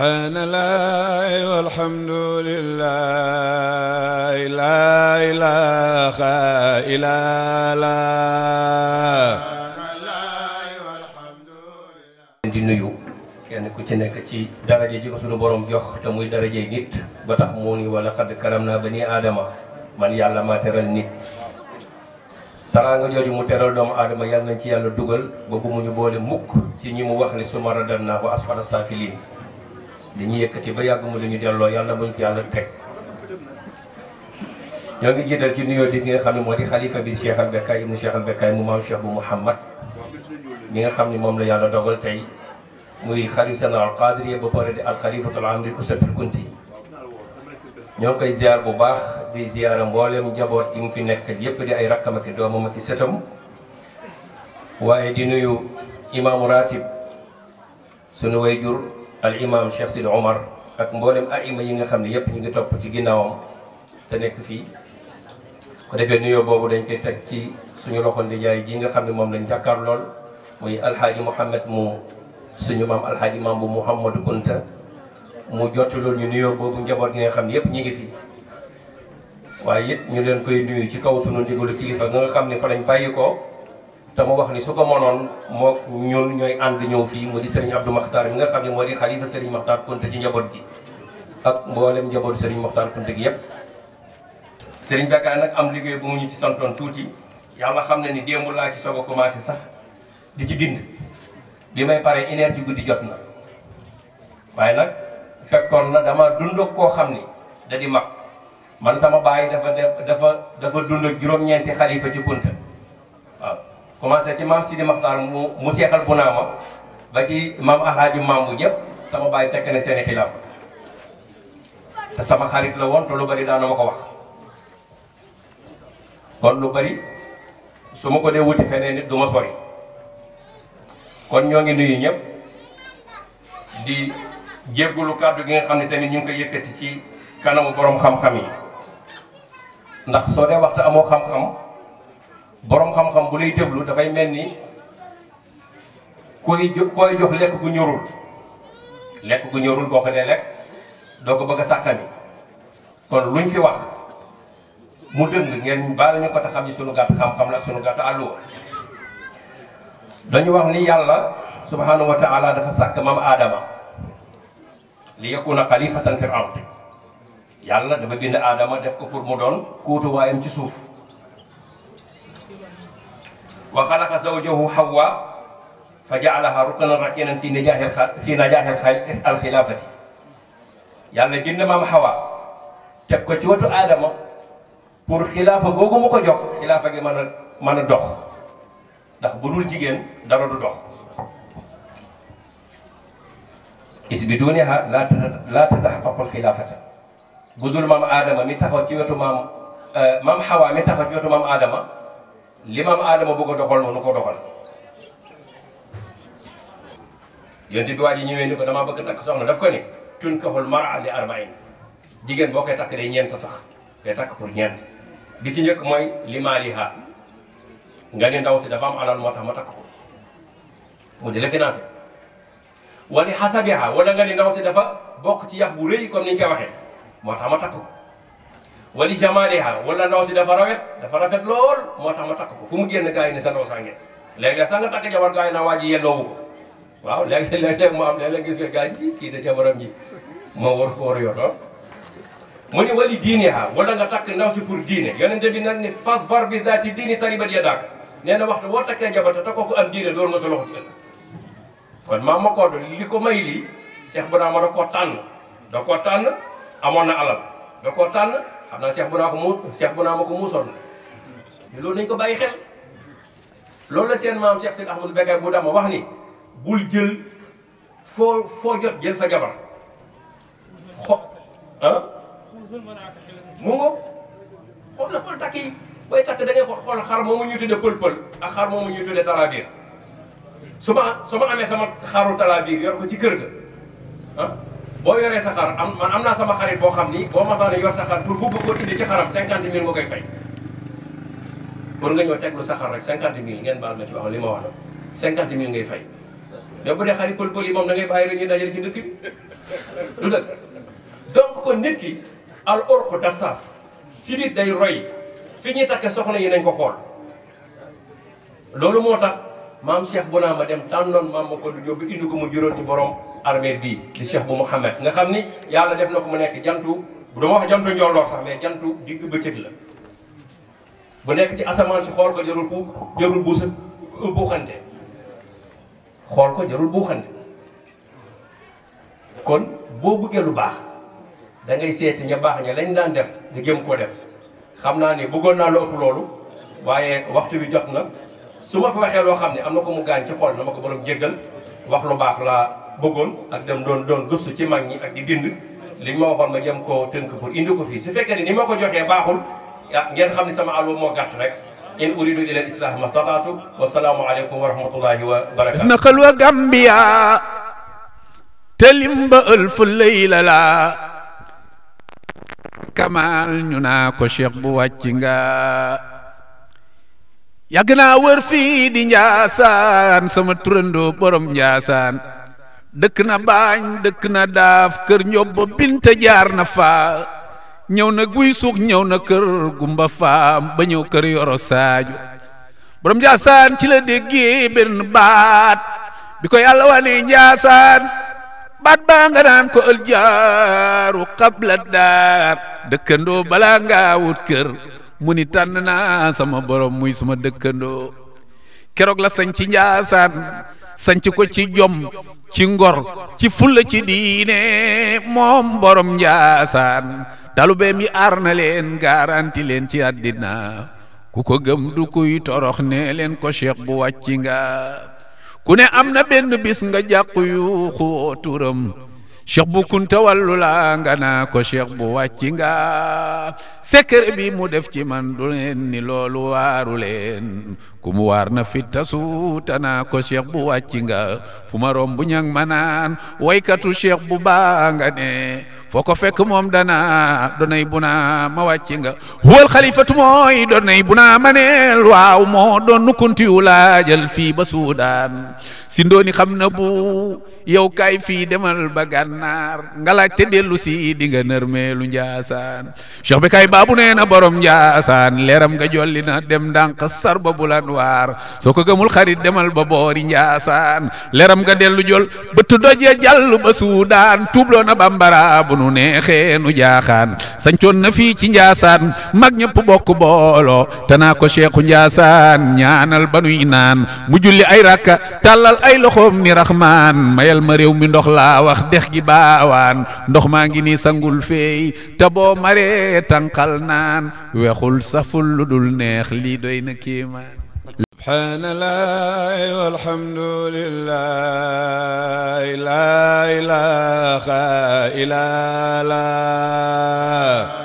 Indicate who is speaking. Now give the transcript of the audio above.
Speaker 1: subhanallah walhamdulillah la ilaha illallah
Speaker 2: di nuyu kenn ku ci nekk ci daraje ji ko sunu borom jox te muy daraje nit ba tax mu ni wala xadd karam naa bani aadama man yàlla maa teral nit taraanga jooju mu teral doomu aadama yàlla nañ ci yàlla dugal ba bu mu ñu boole mukk ci ñi mu wax ni suma radan naa ko asfala dañuy yëkkati ba yàgg mu dañu delloo yàlla buñ ko yàlla teg ñoo ngi jiital ci nuyoo di ki nga xam ne moo di xalifa bi Cheikh Al Bekkay ibnu Cheikh Al Bekkay mu maam Cheikh bu Mouhamad mi nga xam ne moom la yàlla dogal tey muy xalif général Qaadiriya ba pare di al xalifatul am di usatul kunti ñoo ngi koy ziar bu baax di ziara mboolem njaboot yi mu fi nekk yépp di ay rakkam ak doomam ak sëtam waaye di nuyu imaamu ratib sunu wayjur al imam Cheikh Sidi Omar ak mboolem aima yi nga xam ne yëpp ñu ngi topp ci ginnaawam te nekk fii ko defee nuyoo boobu dañ koy teg ci suñu loxo ndijaay ji nga xam ne moom lañ jàkkaar lool muy alxaaji Mouhamed mu suñu maam alxaaji maam bu Mouhamadou Kunta mu jot loolu ñu nuyoo boobu njaboot gi nga xam ne yëpp ñu ngi fii waaye it ñu leen koy nuyu ci kaw suñu ndigalu kilifa nga nga xam ne fa lañ bàyyi ko te wax ni su ko mënoon ñun ñooy ànd ñëw fii mu di Serigne Abdou Makhtar nga di xalifa Serigne Makhtar Kounta ci njaboot gi ak mboolem njabootu Serigne Makhtar Kounta gi yépp Serigne Beka nag am liggéey bu mu ñu ci santoon tuuti yàlla xam ni démb laa ci soog commencé sax di ci bind bi may pare une guddi jot na waaye na dama da di man sama baay dafa dafa dafa dund juróom-ñeenti xalifa ci commencé ci maam Sidi Maxtaar mu mu seexal bu naa ma ba ci maam alhaaji maam bu sama baay fekk na seeni xilaaf sama xarit la woon te lu bari daana ma ko wax kon lu bari su ma ko wuti feneen nit du sori kon ñoo nuyu ñëpp di jéggulu kàddu gi nga xam ne tamit ñu ngi koy yëkkati ci kanamu borom xam-xam yi ndax soo dee waxta amoo xam-xam boroom xam-xam bu lay déglu dafay mel nii koy jo koy jox lekk gu ñorul lekk gu ñorul boo ko dee lekk doo ko bëgg a sàkkani kon luñ fi wax mu dëng ngeen baal ñu ko te xam ni sunu gàtt xam-xam la ak sunu gàtt àlluwa dañu wax ni yàlla subhanahu wa taala dafa sàkk mam aadama li yakuna xalifatan fil ard yàlla dafa bind aadama def ko pour mu doon kuutuwaayam ci suuf wa xalaqa zawjahu Hawa fa jaalaha rukanan rakinan fi najaaxil fi najaaxil alxilaafati yàlla bind maam Hawa teg ko ci watu Adama pour xilaafa googu mu ko jox xilaafa gi mën a mën a dox ndax bu dul jigéen dara du dox. is bi duuniha laa laa tataxaqaqul xilaafata bu dul maam Adama mi taxaw ci wetu maam euh, maam Hawa mi taxaw ci wetu maam Adama. li maam aadama bëgg a doxal noonu ko doxal yonte bi yi ji ñëwee ni ko damaa bëgg takk soxna daf ko ni tun kaxul mara li arbain jigéen boo koy takk day ñeent tax koy takk pour ñeent bi ci njëkk mooy li maaliha nga ni ndaw si dafa am alal moo tax ma takk ko mu di la financé wali xasabiha wala nga ni ndaw si dafa bokk ci yax bu rëy comme ni ñu koy waxee moo tax ma takk wali jamaliha ya ya, wala ndaw si dafa rawet dafa rafet lool moo tax ma takk ko fu mu laga gars yi ne sa ndaw sange léeg laga-laga nga takk jabar gars yi naa waa ji yelloowu ko waaw léeg-léeg mu am léeg gis nga gars yi kii da jabaram ji moo war ko war a yor mu ni wali diiniha wala nga takk ndaw si pour diine yonente bi nag ni fasvar bi zaati diini taribat yadaak nee na waxtu boo takkee jabar te takkoo ko am diine loolu nga sa loxo jël kon maam ma koodu li ko may lii Cheikh Bounama da koo tànn da koo tànn amoon na da koo tànn xam naa Cheikh Bouna ko mu Cheikh Bouna ma ko muusoon loolu nañ ko bàyyi xel loolu la seen maam Cheikh Seydi Ahmadou Bekkaay bu dama wax ni bul jël foo foo jot jël fa jabar xo ah mu ngo na xool takk yi booy takk da xool xar moomu ñu tudde pël pël ak xar moomu ñu tudde talaabiir su ma su ma amee sama xaru talaabiir yor ko ci kër ga ah? boo yoree sa am man am sama xarit boo xam ni boo masaane yor sa pour bu bëgg indi ci xaram cinquante mille fay kon nga ñëw teg lu sa rek cinquante ngeen baal ma ci wax lima wax la cinquante ngay fay mais bu dee xarit pël pël yi da ngay bàyyi ñu dajale ci dëkk bi du dëkk donc kon nit ki al orq si nit day roy fi soxna yi nañ ko Cheikh dem ko du indi ko mu borom Alberdi di Cheikh bu Mouhamed nga xam ni yàlla def na ko mu nekk jantu bu dama wax jantu njolloor sax mais jantu digg bëccëg la bu nekk ci asamaan ci xool ko jarul ku jarul buusa euh, buuxante xool ko jarul buuxante kon boo bëggee lu baax dangay seeti ña baax ña lañ daan def nga gëm koo def xam naa ni bëggoon naa lu ëpp loolu waaye waxtu bi jot na su ma fi waxee loo xam ne am na ko mu gaañ ci xool na ma ko borom jéggal wax lu baax la bëggoon ak dem doon doon gëstu ci mag ñi ak di bind li ma waxoon ma jëm koo tënk pour indi ko fii su fekkee ne ni ma ko joxee baaxul ah, ngeen xam ne sama àll moo gàtt rek in uridu ila islah mastataatu wasalaamu aleykum wa rahmatullahi wa barakatu na xalwa
Speaker 1: gambia telim ba ëlfu layla la kamal ñu naa ko cheikh bu wàcc nga yàgg naa wër fii di njaasaan sama turandoo borom njaasaan dëkk na baañ dëkk na daaf kër njobbo binte jaar na faa ñëw na guy suux ñëw na kër gumba faam ba ñëw kër yoro saaju borom njaasaan ci la déggee benn baat bi ko yàlla wanee njaasaan baat baa nga naan ko ël jaaru xabla daar dëkkandoo balaa ngaa wut kër mu ni tànn naa sama borom muy sama dëkkandoo keroog la sañ ci njaasaan sanc ko ci jom ci ngor ci fulla ci diine moom borom njaasaan talubeem yi ar na leen garanti leen ci àddina ku ko gëm du kuy torox ne leen ko cheikh bu wàcc nga ku ne am na benn bis nga jàqu yu xoo turam cheikh bu kunta wàllu laa ko cheikh bu wàcc nga secret bi mu def ci man du leen ni loolu waaru ku mu waar na fit tasuuta ko cheikh bu wàcc nga fu ma rom bu ñang ma naan waykatu cheikh bu baa nga ne ko fekk moom dana donay bu naa ma wàcc nga huwal xalifatu mooy donay bu naa ma neel waaw moo doon nu kuntiyu laajal fii ba suudaan Sindoni xam na bu yow kay demal ba gànnaar nga laajte dellu si di nga nërmeelu njaasaan cheikh bi kay baabu nee na borom njaasaan leeram nga jolli na dem bulan xarit demal ba jasan, leram leeram nga dellu jol bëtt doje ya ba na bambara bu nu sancun nu jaaxaan sancoon na fii ci njaasaan mag ñëpp bokk booloo te naa ñaanal mu julli ay rakka ay loxoom ni raxmaan mayal ma réew mi ndox laa wax dex gi baawaan ndox maa ngi nii sangul feey te boo maree tànqal naan wexul saful lu dul neex lii doy na kéemaan subhaanallaahi walhamdulillaahi laa ilaaha illallaah